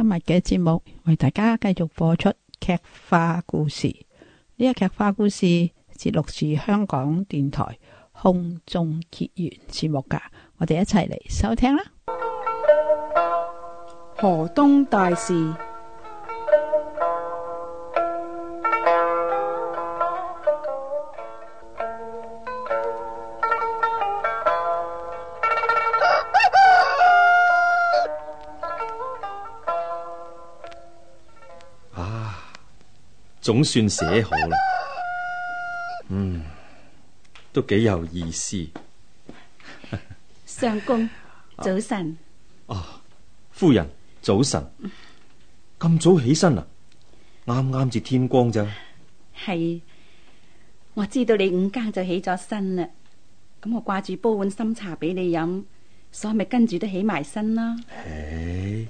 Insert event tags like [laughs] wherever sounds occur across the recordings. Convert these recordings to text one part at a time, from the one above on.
今日嘅節目為大家繼續播出劇化故事，呢個劇化故事節錄自香港電台空中結緣節目噶，我哋一齊嚟收聽啦。河東大事。總算寫好啦，嗯，都幾有意思。相公，早晨。啊，夫人，早晨。咁早起身啊？啱啱至天光咋？係，我知道你五更就起咗身啦。咁我掛住煲碗參茶俾你飲，所以咪跟住都起埋身啦。誒，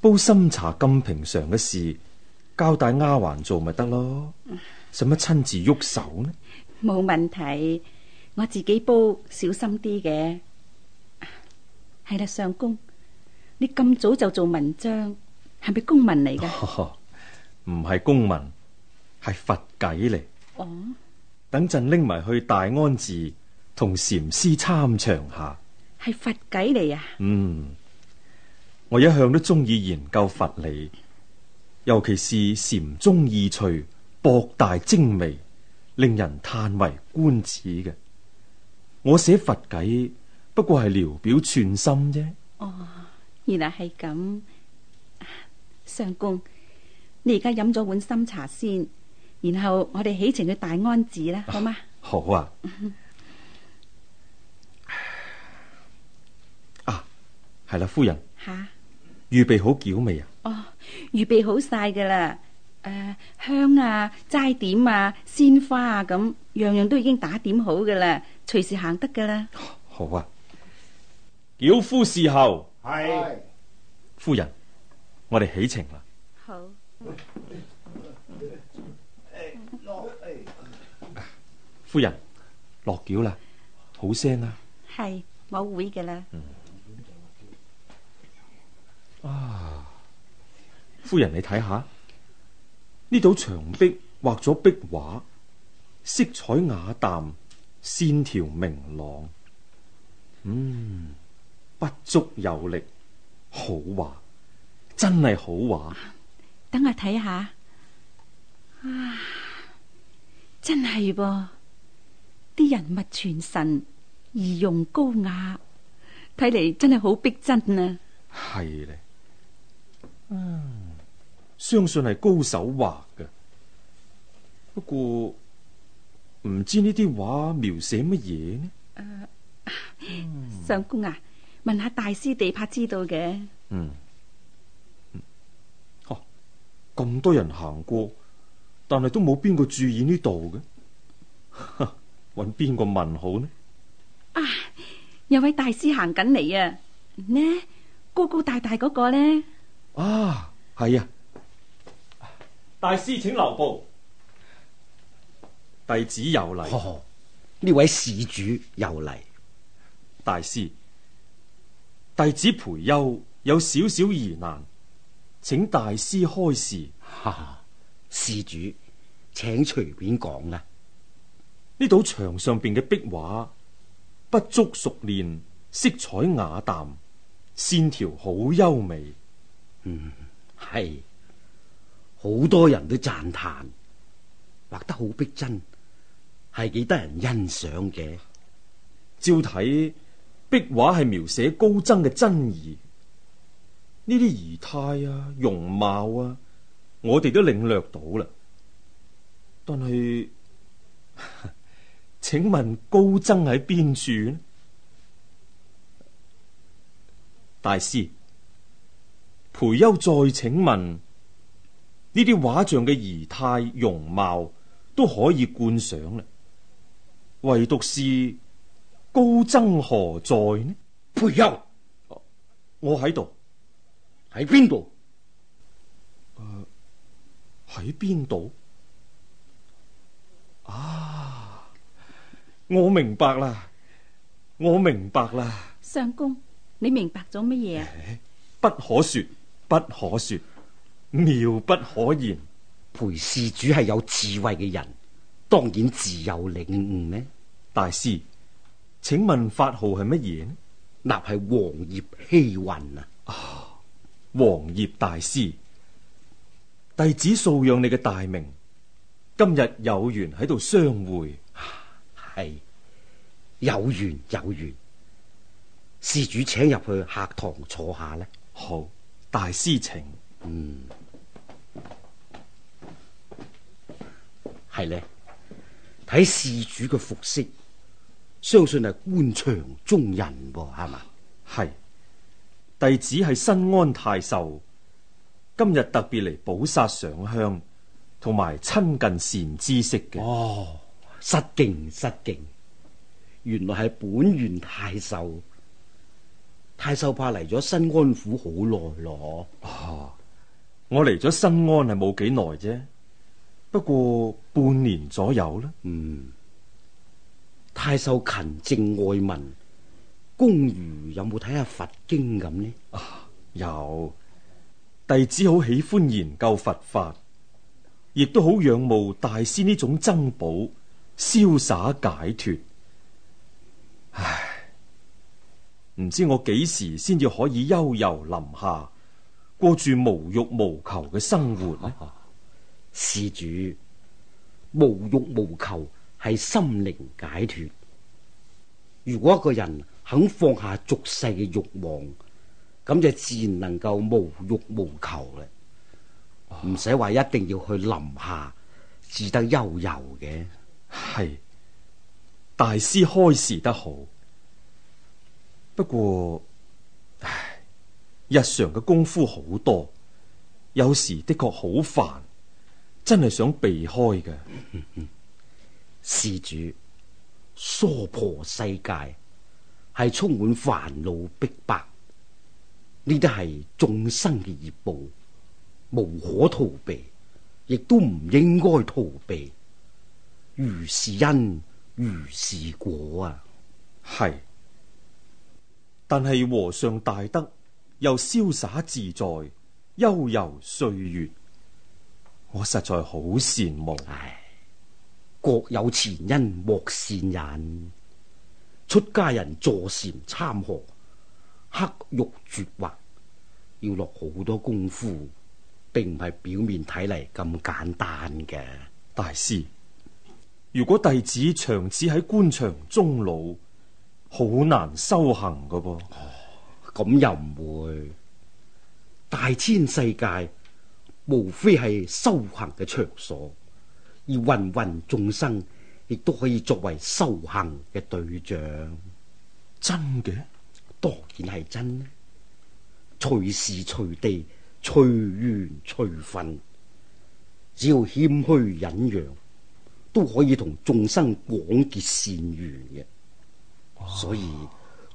煲參茶咁平常嘅事。交帶丫鬟做咪得咯，使乜親自喐手呢？冇問題，我自己煲，小心啲嘅。係啦，相公，你咁早就做文章，係咪公文嚟㗎？唔係公文，係佛偈嚟。哦，哦，等陣拎埋去大安寺同禪師參詳下。係佛偈嚟啊？嗯，我一向都中意研究佛理。尤其是禪宗意趣博大精微，令人嘆為觀止嘅。我寫佛偈不過係聊表寸心啫。哦，原來係咁，相公，你而家飲咗碗參茶先，然後我哋起程去大安寺啦，好嗎？啊好啊。 [laughs] 啊，係啦、啊，夫人。吓。預備好轎未啊？哦，預備好晒噶啦！誒，香啊，齋點啊，鮮花啊，咁樣樣都已經打點好噶啦，隨時行得噶啦。好啊，轎夫伺候。係，夫人，我哋起程啦。好。誒，落誒，夫人落轎啦，好聲啊。係，我會噶啦。嗯。啊，夫人你睇下呢度牆壁畫咗壁畫，色彩雅淡，線條明朗。嗯，筆觸有力，好畫，真係好畫。啊、等我睇下，啊，真係噃、啊，啲人物傳神，儀容高雅，睇嚟真係好逼真啊！係咧。嗯，相信係高手畫嘅，不過唔知呢啲畫描寫乜嘢呢？呃、嗯、相公啊，問下大師地拍知道嘅。嗯，嗯，啊，咁多人行過，但係都冇邊個注意呢度嘅，哈，揾邊個問好呢？啊，有位大師行緊嚟啊，呢高高大大嗰個咧。啊，係啊！大師，請留步。弟子有禮，呢、哦、位事主有禮。大師，弟子培優有少少疑難，請大師開示。哈、啊，事主，請隨便講啦、啊。呢堵牆上邊嘅壁畫不足熟練，色彩雅淡，線條好優美。嗯，係好多人都讚嘆畫得好逼真，係幾得人欣賞嘅。照睇壁畫係描寫高僧嘅真儀，呢啲儀態啊、容貌啊，我哋都領略到啦。但係， [laughs] 請問高僧喺邊處呢？大師。裴休，再請問呢啲畫像嘅儀態容貌都可以觀賞啦，唯獨是高僧何在呢？裴休，我喺度，喺邊度？喺邊度？啊，我明白啦，我明白啦。相公，你明白咗乜嘢啊？不可說。不可說，妙不可言。陪施主係有智慧嘅人，當然自有領悟呢。大師，請問法號係乜嘢？立係黃葉希雲啊！黃葉、哦、大師，弟子素仰你嘅大名，今日有緣喺度相會，係有緣有緣。施主請入去客堂坐下呢。好。大師情，嗯，係咧，睇事主嘅服飾，相信係官場中人，係嘛？係，弟子係新安太守，今日特別嚟寶剎上香，同埋親近善知識嘅。哦，失敬失敬，原來係本縣太守。太守派嚟咗新安府好耐咯？我嚟咗新安係冇幾耐啫，不過半年左右啦。嗯，太守勤政愛民，公餘有冇睇下佛經咁呢？啊，有，弟子好喜歡研究佛法，亦都好仰慕大師呢種珍寶瀟灑解脫。唔知我幾時先至可以悠游林下，過住無欲無求嘅生活呢？啊，施主，無欲無求係心靈解脫。如果一個人肯放下俗世嘅慾望，咁就自然能夠無欲無求啦。唔使話一定要去林下，至得悠游嘅。係大師開示得好。不過，唉，日常嘅功夫好多，有時的確好煩，真係想避開嘅。施 [laughs] 主，娑婆世界係充滿煩惱逼迫，呢啲係眾生嘅業報，無可逃避，亦都唔應該逃避。如是因，如是果啊，係。但係和尚大德又瀟灑自在，悠游歲月，我實在好羨慕。唉、哎，各有前因莫善人。出家人坐禪參學，黑玉絕畫，要落好多功夫，並唔係表面睇嚟咁簡單嘅。大師，如果弟子長此喺官場終老。好難修行噶噃，咁、哦、又唔會？大千世界無非係修行嘅場所，而芸芸眾生亦都可以作為修行嘅對象。真嘅？當然係真。隨時隨地隨緣隨分，只要謙虛忍讓，都可以同眾生廣結善緣嘅。所以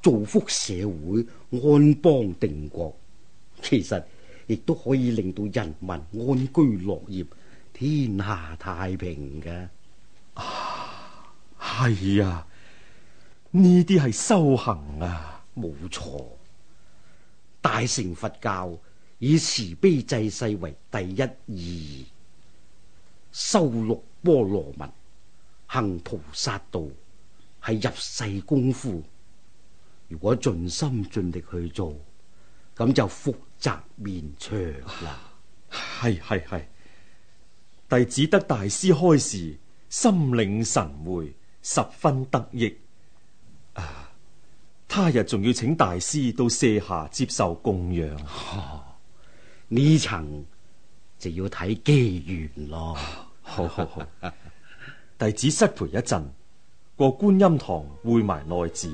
造福社會、安邦定國，其實亦都可以令到人民安居樂業、天下太平嘅。啊，係啊！呢啲係修行啊，冇錯、啊。大乘佛教以慈悲濟世為第一義，修六波羅蜜，行菩薩道。係入世功夫，如果盡心盡力去做，咁就福澤綿長啦。係係係，弟子得大師開示，心領神會，十分得益。啊，他日仲要請大師到舍下接受供養。呢層、啊、就要睇機緣咯。好好好，好 [laughs] 弟子失陪一陣。過觀音堂會埋內子，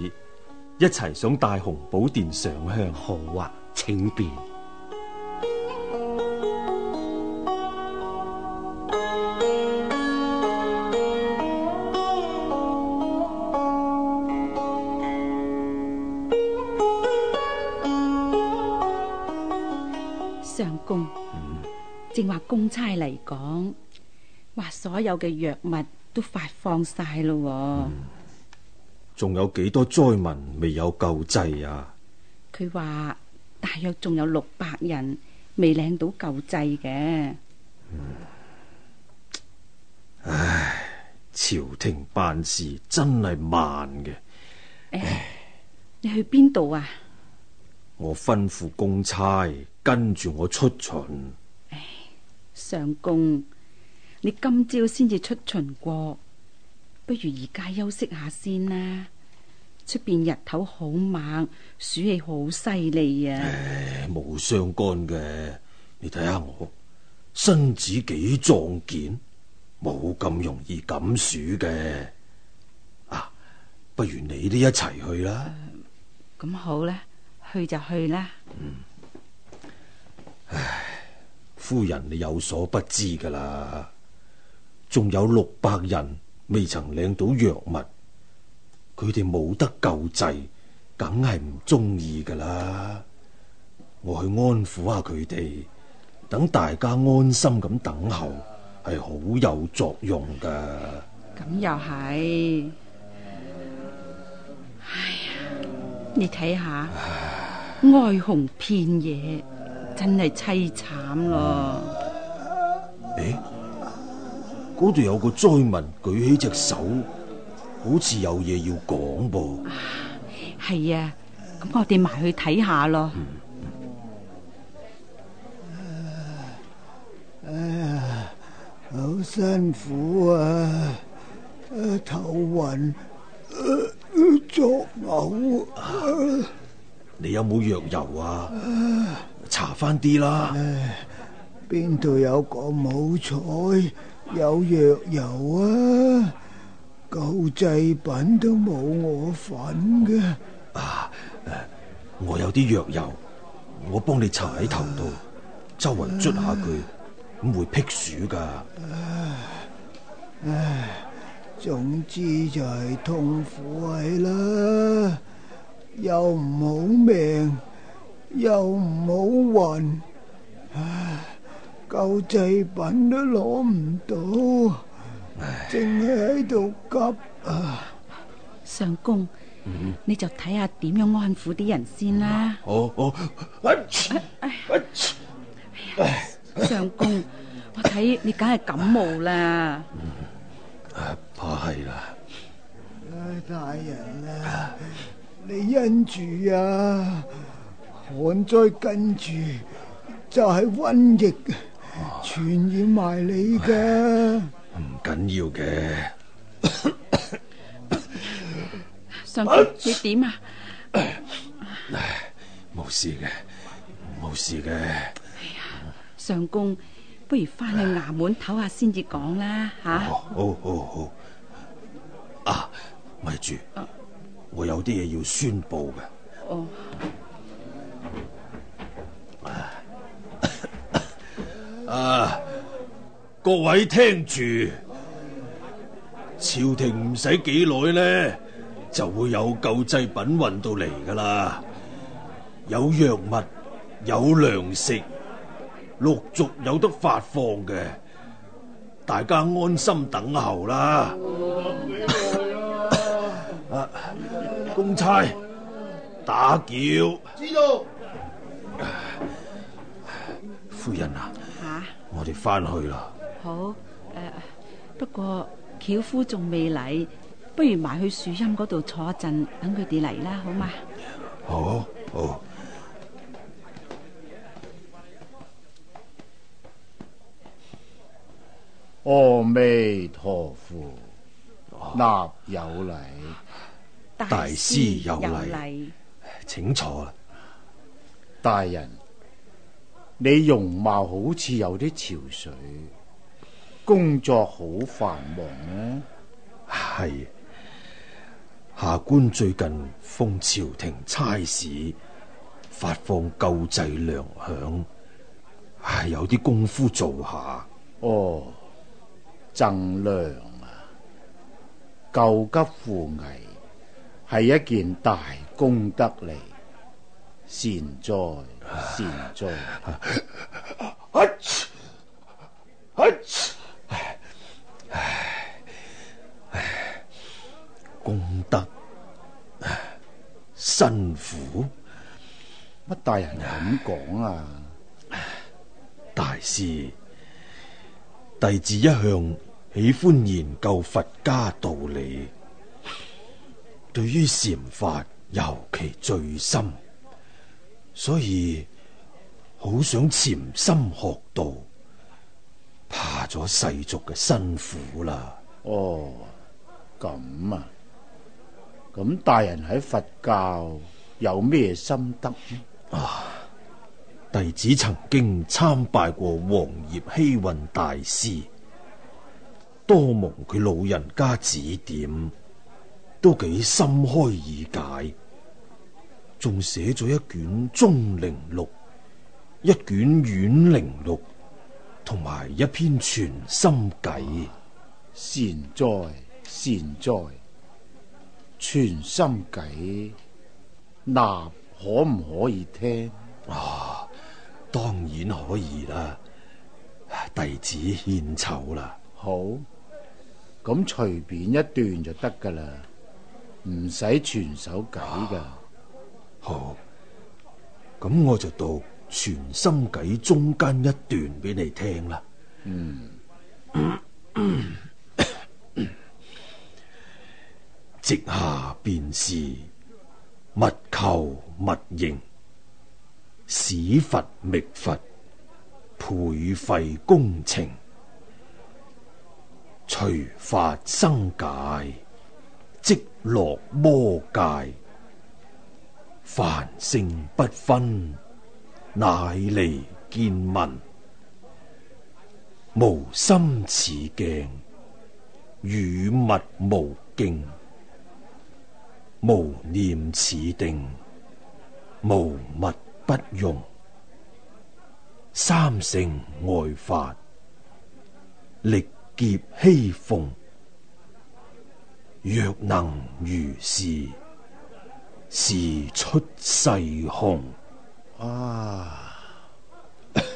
一齊上大雄寶殿上香。好啊，請便。相公，正話公差嚟講，話所有嘅藥物。都發放晒咯，仲、嗯、有幾多災民未有救濟啊？佢話大約仲有六百人未領到救濟嘅。嗯，唉，朝廷辦事真係慢嘅。唉，唉，你去邊度啊？我吩咐公差跟住我出巡。唉，相公。你今朝先至出巡過，不如而家休息下先啦。出邊日頭好猛，暑氣好犀利啊！唉，冇相干嘅，你睇下我身子幾壯健，冇咁容易感暑嘅。啊，不如你都一齊去啦。咁、呃、好啦，去就去啦。嗯，唉，夫人你有所不知噶啦。仲有六百人未曾領到藥物，佢哋冇得救濟，梗係唔鍾意噶啦。我去安撫下佢哋，等大家安心咁等候，係好有作用噶。咁又係，哎呀，你睇下哀鴻遍野，真係凄慘咯。誒、嗯。欸嗰度有個災民舉起隻手，好似有嘢要講噃。係啊，咁我哋埋去睇下咯。哎呀，好辛苦啊！頭暈，作嘔。你有冇藥油啊？搽翻啲啦。邊度有個冇彩？有藥油啊，救濟品都冇我份嘅。啊，我有啲藥油，我幫你搽喺頭度，啊、周圍捽下佢，咁會辟暑噶。唉、啊啊，總之就係痛苦係啦，又唔好命，又唔好運。啊救濟品都攞唔到，淨係喺度急啊！相公，你就睇下點樣安撫啲人先啦。好，好，我切，我切。哎，相公，我睇你梗係感冒啦。啊，怕係啦。哎，大人啊，你忍住啊，旱災跟住就係瘟疫。傳染埋你㗎，唔緊要嘅。上公你點啊？唉，冇事嘅，冇事嘅。哎呀，上公，不如返去衙門唞下先至講啦，吓、啊。好，好，好。啊，咪住，啊、我有啲嘢要宣布嘅。哦啊！各位聽住，朝廷唔使幾耐呢，就會有救濟品運到嚟噶啦，有藥物，有糧食，陸續有得發放嘅，大家安心等候啦。啊，公差打叫，知道。夫人啊！我哋翻去啦。好，誒、呃，不過轎夫仲未嚟，不如埋去樹蔭嗰度坐一陣，等佢哋嚟啦，好嗎？好，好。阿彌陀佛，納有禮。啊、大師有禮，請坐，大人。你容貌好似有啲憔悴，工作好繁忙啊？係，下官最近奉朝廷差使發放救濟糧餉，唉，有啲功夫做下。哦，贈糧啊，救急扶危係一件大功德嚟。善哉，善哉！阿切，阿切，唉，唉，功德辛苦。乜大人啊咁講啊？大師，弟子一向喜歡研究佛家道理，對於禪法尤其醉心。所以好想潛心學道，怕咗世俗嘅辛苦啦。哦，咁啊，咁大人喺佛教有咩心得呢，啊？弟子曾經參拜過黃業希運大師，多蒙佢老人家指點，都幾心開意解。仲寫咗一卷中靈錄，一卷遠靈錄，同埋一篇全心偈、啊。善哉善哉，全心偈，嗱，可唔可以聽啊？當然可以啦，弟子獻醜啦。好，咁隨便一段就得噶啦，唔使全手偈噶。啊好，咁我就到全心偈中間一段俾你聽啦。嗯，直下便是勿求勿應，使佛覓佛，培廢功程，隨法生解，即落魔界。凡聖不分，乃離見聞；無心似鏡，與物無境；無念似定，無物不容。三乘外法，歷劫希逢，若能如是。時出世雄啊！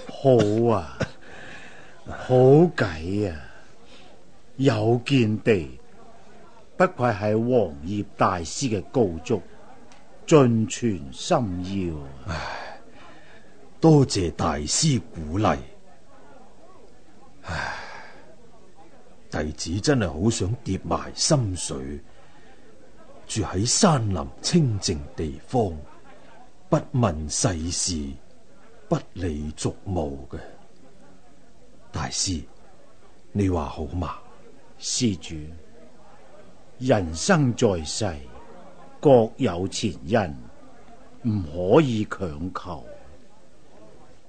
好啊，好計啊，有見地，不愧係黃葉大師嘅高足，盡傳心要，啊。多謝大師鼓勵，啊，弟子真係好想跌埋心水。住喺山林清靜地方，不問世事，不理俗務嘅大師，你話好嘛？施主，人生在世，各有前因，唔可以強求。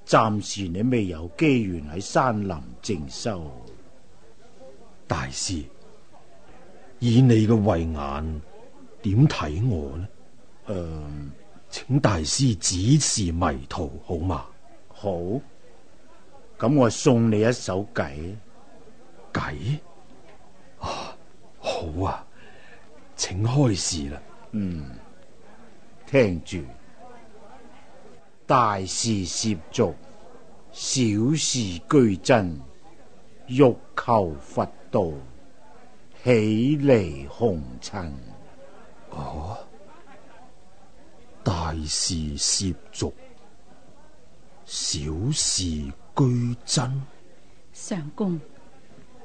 暫時你未有機緣喺山林靜修。大師，以你嘅慧眼。點睇我呢？誒、嗯，請大師指示迷途好嗎？好，咁我送你一首偈。偈？好啊，請開示啦。嗯，聽住大事涉足，小事居真。欲求佛道，豈離紅塵？哦，大事涉俗，小事居真。相公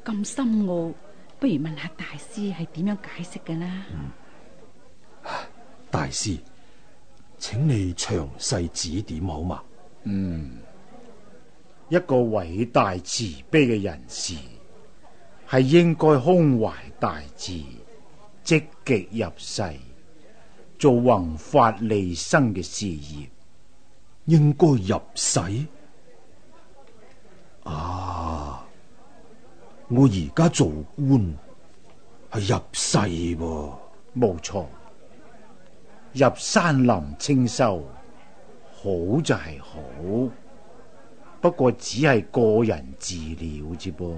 咁深奧，不如問下大師係點樣解釋嘅啦。大師，請你詳細指點好嗎？嗯，一個偉大慈悲嘅人士，係應該胸懷大志，即。即入世做宏法利生嘅事業，應該入世啊！我而家做官係入世，冇錯。入山林清修好就係好，不過只係個人治療啫噃。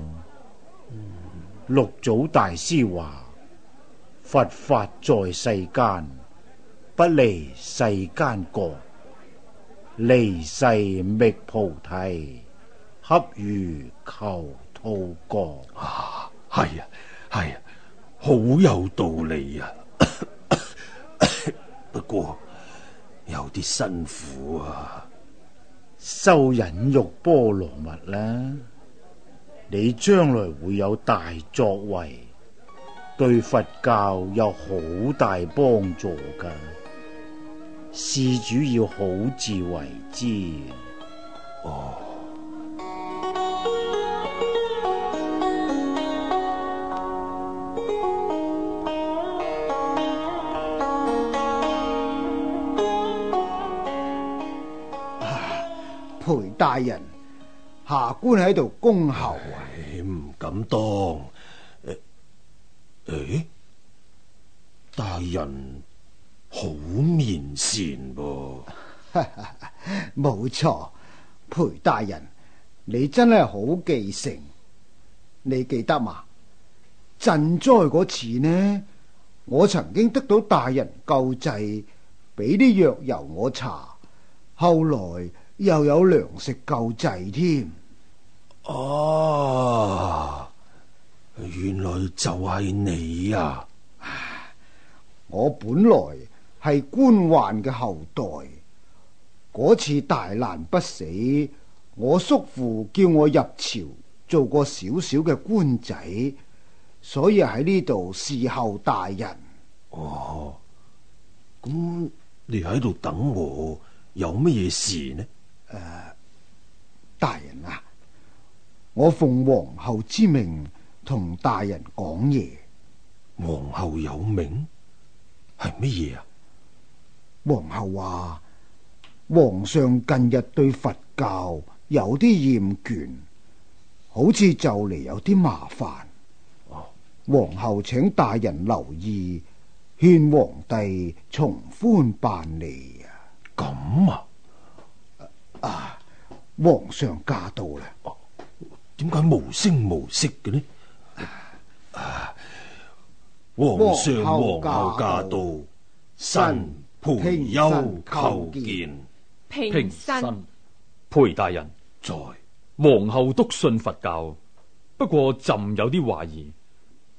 六、嗯、祖大師話。佛法在世間，不離世間覺；離世覓菩提，恰如求兔角。啊，係啊，係啊，好有道理啊！ [coughs] [coughs] [coughs] 不過有啲辛苦啊。修忍辱波羅蜜啦，你將來會有大作為。對佛教有好大幫助噶，事主要好自為之哦。裴大人，下官喺度恭候啊。唔敢當。誒、哎，大人好面善噃、啊， [laughs] 冇錯，裴大人，你真係好記性，你記得嘛？賑災嗰次呢，我曾經得到大人救濟，俾啲藥油我搽，後來又有糧食救濟添。哦。啊原來就係你啊！我本來係官宦嘅後代，嗰次大難不死，我叔父叫我入朝做個小小嘅官仔，所以喺呢度侍候大人。哦，咁那你喺度等我，有乜嘢事呢？誒、呃，大人啊，我奉皇后之命。同大人講嘢，皇后有命？係乜嘢啊？皇后話皇上近日對佛教有啲厭倦，好似就嚟，有啲麻煩。皇后請大人留意，勸皇帝從寬辦理啊！咁啊，啊！皇上駕到啦，點解？啊、無聲無息嘅呢？皇上、皇后駕到，臣裴休，求見。平身，裴大人在。皇后篤信佛教，不過朕有啲懷疑，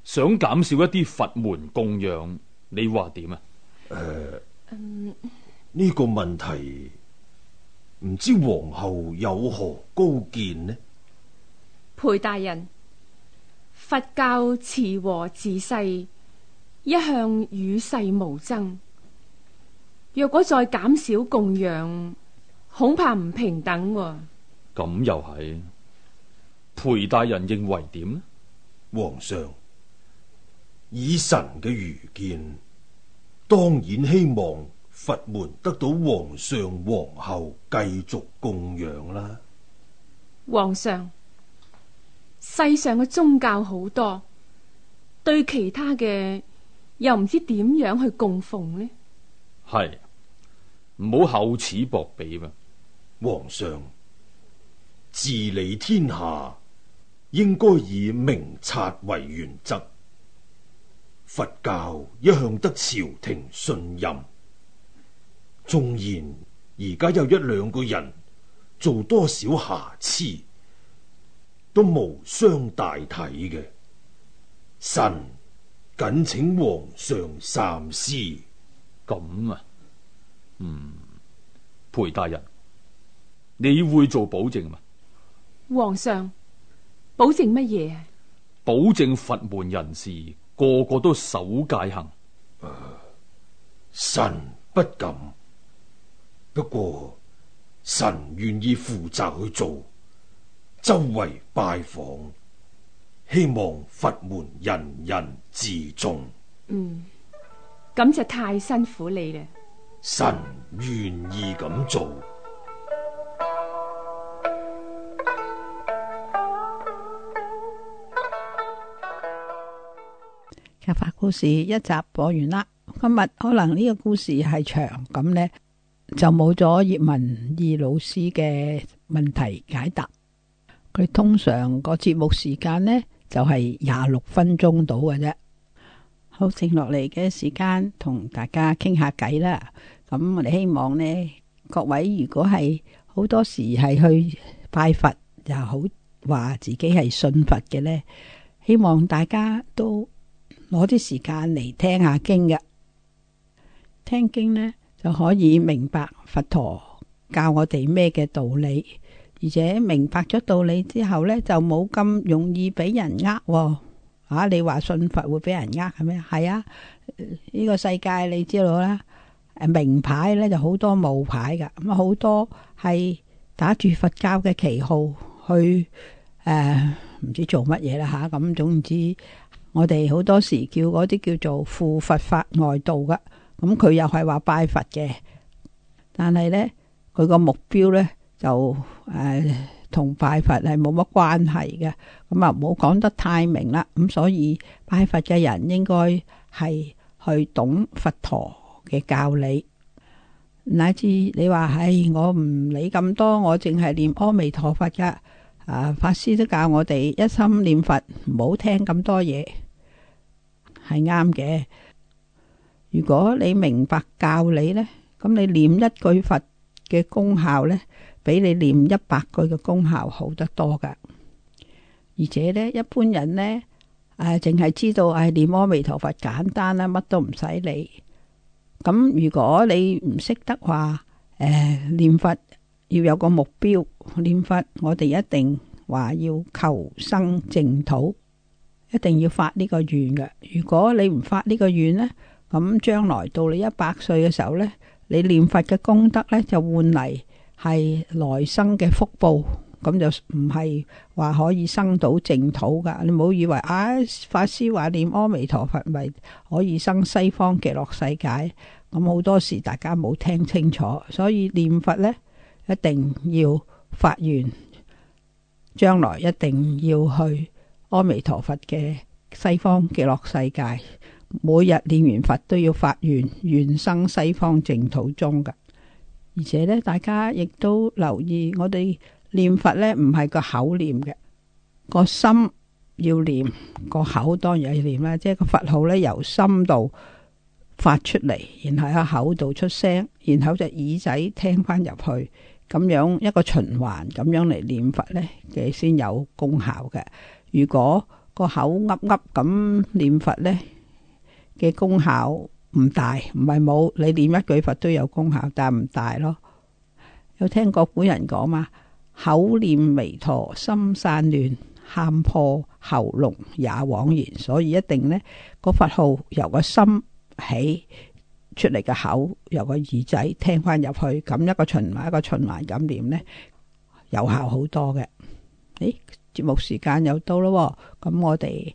想減少一啲佛門供養，你話點啊？誒、呃、呢、嗯、個問題唔知皇后有何高見呢？裴大人，佛教慈和自細。一向與世無爭，若果再減少供養，恐怕唔平等啊。咁又係，裴大人認為點呢？皇上，以神嘅愚見，當然希望佛門得到皇上皇后繼續供養啦。皇上，世上嘅宗教好多，對其他嘅又唔知點樣去供奉呢？係唔好厚此薄彼噃，皇上治理天下應該以明察為原則。佛教一向得朝廷信任，縱然而家有一兩個人做多少瑕疵，都無傷大體嘅，神。謹請皇上三思。咁啊，嗯，裴大人，你會做保證嗎？皇上，保證乜嘢？保證佛門人士個個都守戒行。啊，臣不敢。不過，臣願意負責去做，周圍拜訪。希望佛門人人自重。嗯，咁就太辛苦你啦。神願意咁做。合法故事一集播完啦。今日可能呢個故事係長，咁呢就冇咗葉文義老師嘅問題解答。佢通常個節目時間呢。就係廿六分鐘到嘅啫，好，剩落嚟嘅時間，同大家傾下偈啦。咁我哋希望呢，各位如果係好多時係去拜佛又好，話自己係信佛嘅呢，希望大家都攞啲時間嚟聽下經嘅，聽經呢就可以明白佛陀教我哋咩嘅道理。而且明白咗道理之後呢，就冇咁容易俾人呃、哦，啊！你話信佛會俾人呃係咩？係啊，呢、這個世界你知道啦，誒名牌呢就好多冒牌噶，咁好多係打住佛教嘅旗號去誒，唔、呃、知做乜嘢啦吓。咁、啊、總之，我哋好多時叫嗰啲叫做附佛法外道噶，咁、嗯、佢又係話拜佛嘅，但係呢，佢個目標呢。就誒，同、呃、拜佛係冇乜關係嘅。咁啊，唔好講得太明啦。咁所以拜佛嘅人應該係去懂佛陀嘅教理，乃至你話，唉、哎，我唔理咁多，我淨係念阿彌陀佛嘅。啊，法師都教我哋一心念佛，唔好聽咁多嘢，係啱嘅。如果你明白教理呢，咁你念一句佛嘅功效呢，比你念一百句嘅功效好得多噶。而且呢，一般人呢，誒、呃，淨係知道係念阿彌陀佛簡單啦，乜都唔使理。咁如果你唔識得話，誒、呃，念佛要有個目標，念佛我哋一定話要，要求生淨土，一定要發呢個願嘅。如果你唔發呢個願呢，咁將來到你一百歲嘅時候呢，你念佛嘅功德呢，就換嚟，係來生嘅福報，咁就唔係話可以生到淨土噶。你唔好以為啊，法師話念阿彌陀佛咪可以生西方極樂世界。咁好多時大家冇聽清楚，所以念佛呢，一定要發願，將來一定要去阿彌陀佛嘅西方極樂世界。每日念完佛都要發願，願生西方淨土中噶。而且咧，大家亦都留意，我哋念佛咧，唔係個口念嘅，個心要念，個口當然要念啦。即係個佛號咧，由心度發出嚟，然後喺口度出聲，然後隻耳仔聽翻入去，咁樣一個循環，咁樣嚟念佛咧，嘅先有功效嘅。如果個口噏噏咁念佛咧，嘅功效。唔大，唔係冇，你念一句佛都有功效，但係唔大咯。有聽過古人講嘛？口念彌陀，心散亂，喊破喉嚨也枉然。所以一定呢個佛號由個心起出嚟嘅口，由個耳仔聽翻入去，咁一個循環一個循環咁念呢，有效好多嘅。誒，節目時間又到咯，咁我哋。